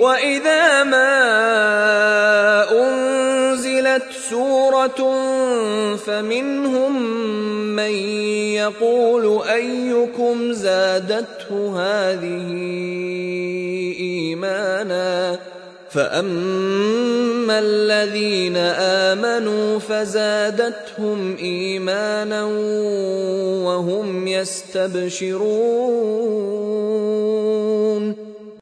واذا ما انزلت سوره فمنهم من يقول ايكم زادته هذه ايمانا فاما الذين امنوا فزادتهم ايمانا وهم يستبشرون